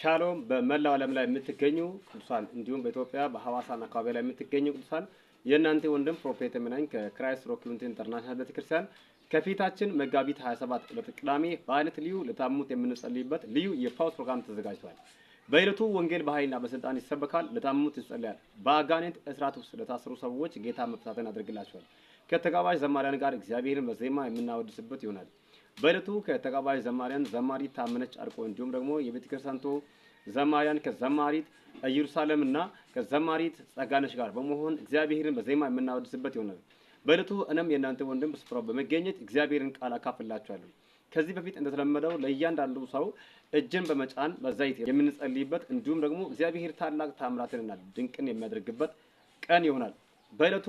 ሻሎም በመላው ዓለም ላይ የምትገኙ ቅዱሳን እንዲሁም በኢትዮጵያ በሐዋሳና አካባቢ ላይ የምትገኙ ቅዱሳን የእናንተ ወንድም ፕሮፌት ምናኝ ከክራይስት ሮክ ዩኒቲ ኢንተርናሽናል ቤተክርስቲያን ከፊታችን መጋቢት 27 ዕለት ቅዳሜ በአይነት ልዩ ለታሙት የምንጸልይበት ልዩ የፓውስ ፕሮግራም ተዘጋጅቷል። በዕለቱ ወንጌል በኃይልና በስልጣን ይሰበካል፣ ለታሙት ይጸልያል። በአጋኔት እስራት ውስጥ ለታሰሩ ሰዎች ጌታ መፍታትን ያደርግላቸዋል። ከተጋባዥ ዘማሪያን ጋር እግዚአብሔርን በዜማ የምናወድስበት ይሆናል። በእለቱ ከተቀባይ ዘማሪያን ዘማሪት ታመነች አርቆ እንዲሁም ደግሞ የቤተ ዘማሪያን ከዘማሪት ኢየሩሳሌምና ከዘማሪት ጸጋነሽ ጋር በመሆን እግዚአብሔርን በዜማ የምናወድስበት ይሆናል። በለቱ እኔም የእናንተ ወንድም በስፍራው በመገኘት እግዚአብሔርን ቃል አካፍላችኋለሁ። ከዚህ በፊት እንደተለመደው ለእያንዳንዱ ሰው እጅን በመጫን በዘይት የምንጸልይበት እንዲሁም ደግሞ እግዚአብሔር ታላቅ ታምራትንና ድንቅን የሚያደርግበት ቀን ይሆናል። በእለቱ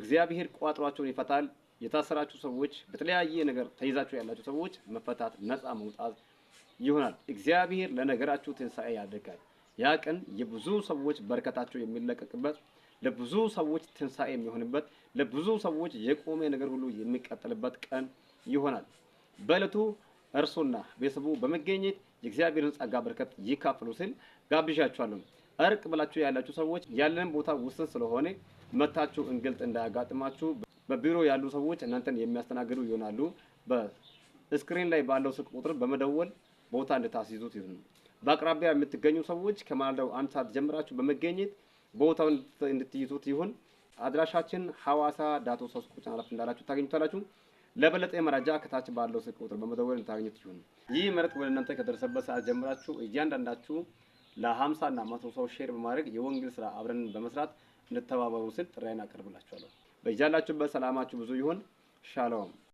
እግዚአብሔር ቋጥሯቸውን ይፈታል። የታሰራችሁ ሰዎች በተለያየ ነገር ተይዛችሁ ያላችሁ ሰዎች መፈታት፣ ነፃ መውጣት ይሆናል። እግዚአብሔር ለነገራችሁ ትንሣኤ ያደርጋል። ያ ቀን የብዙ ሰዎች በረከታቸው የሚለቀቅበት፣ ለብዙ ሰዎች ትንሣኤ የሚሆንበት፣ ለብዙ ሰዎች የቆመ ነገር ሁሉ የሚቀጥልበት ቀን ይሆናል። በእለቱ እርሱና ቤተሰቡ በመገኘት የእግዚአብሔርን ጸጋ በረከት ይካፈሉ ስል ጋብዣችኋለሁ። እርቅ ብላችሁ ያላችሁ ሰዎች ያለንን ቦታ ውስን ስለሆነ መታችሁ እንግልጥ እንዳያጋጥማችሁ በቢሮ ያሉ ሰዎች እናንተን የሚያስተናግዱ ይሆናሉ። በስክሪን ላይ ባለው ስልክ ቁጥር በመደወል ቦታ እንድታስይዙት ይሁን። በአቅራቢያ የምትገኙ ሰዎች ከማለዳው አንድ ሰዓት ጀምራችሁ በመገኘት ቦታው እንድትይዙት ይሁን። አድራሻችን ሐዋሳ ዳቶ ሶስት ቁጭ ኃላፊ እንዳላችሁ ታገኙታላችሁ። ለበለጠ መረጃ ከታች ባለው ስልክ ቁጥር በመደወል እንድታገኙት ይሁን። ይህ መልእክት ወደ እናንተ ከደረሰበት ሰዓት ጀምራችሁ እያንዳንዳችሁ ለሀምሳ እና መቶ ሰው ሼር በማድረግ የወንጌል ስራ አብረን በመስራት እንድተባበሩ ስል ጥሪዬን አቀርብላችኋለሁ። በያላችሁበት ሰላማችሁ ብዙ ይሁን። ሻሎም